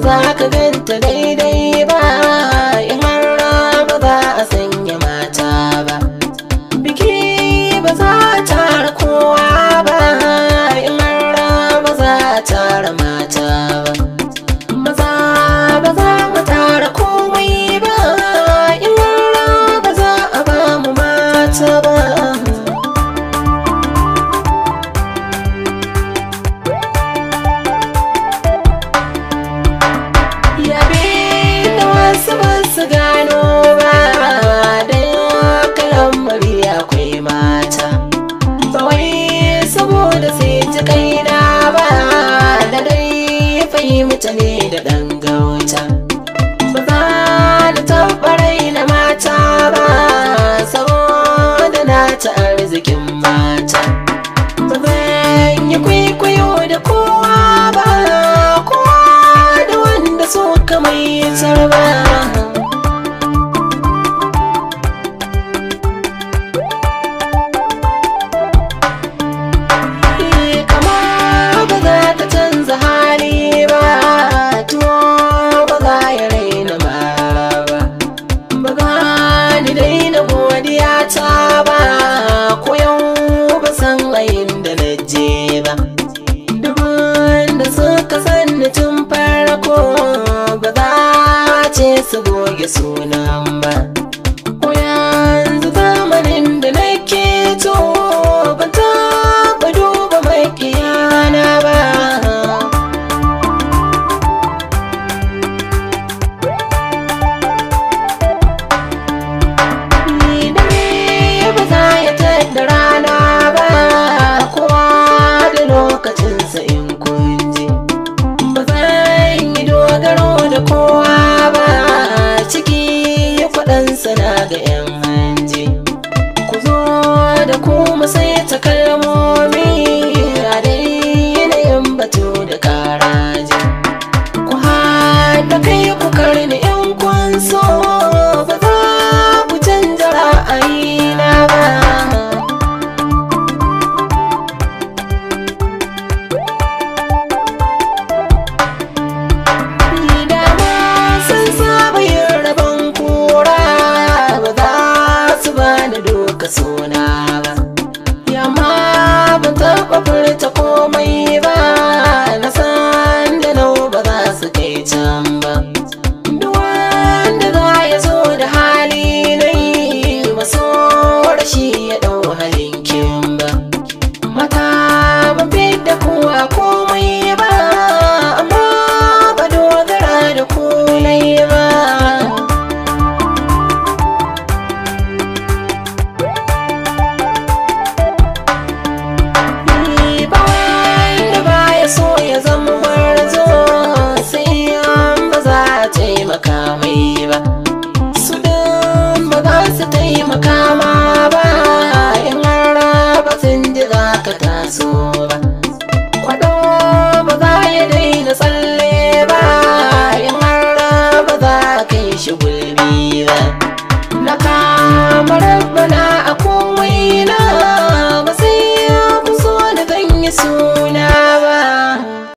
ba za ka ganta daidai ba in har ba za a sanya mata ba biki ba za ta bara kowa da wanda suka mai sarba suna ba yamma ba taɓa furta komai ba na san da nau ba za su kai can makama ba in rara ba zindiga ka taso ba kwado ba za yi daina tsalle ba in rara ba za ka yi shi gulbi ba na kama rabbana a komai na ba sai ya fi so da yi su